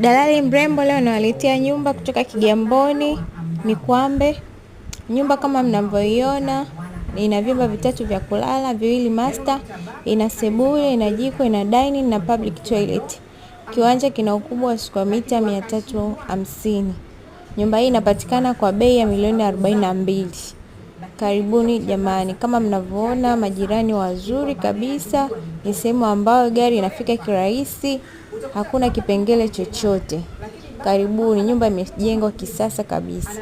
Dalali mrembo leo nawaletea nyumba kutoka Kigamboni Mikwambe. Nyumba kama mnavyoiona ina vyumba vitatu vya kulala, viwili master, ina sebule, ina jiko, ina dining na public toilet. Kiwanja kina ukubwa wa mita 350. Nyumba hii inapatikana kwa bei ya milioni 42. Karibuni jamani, kama mnavyoona majirani wazuri kabisa. Ni sehemu ambayo gari inafika kirahisi hakuna kipengele chochote. Karibuni, nyumba imejengwa kisasa kabisa.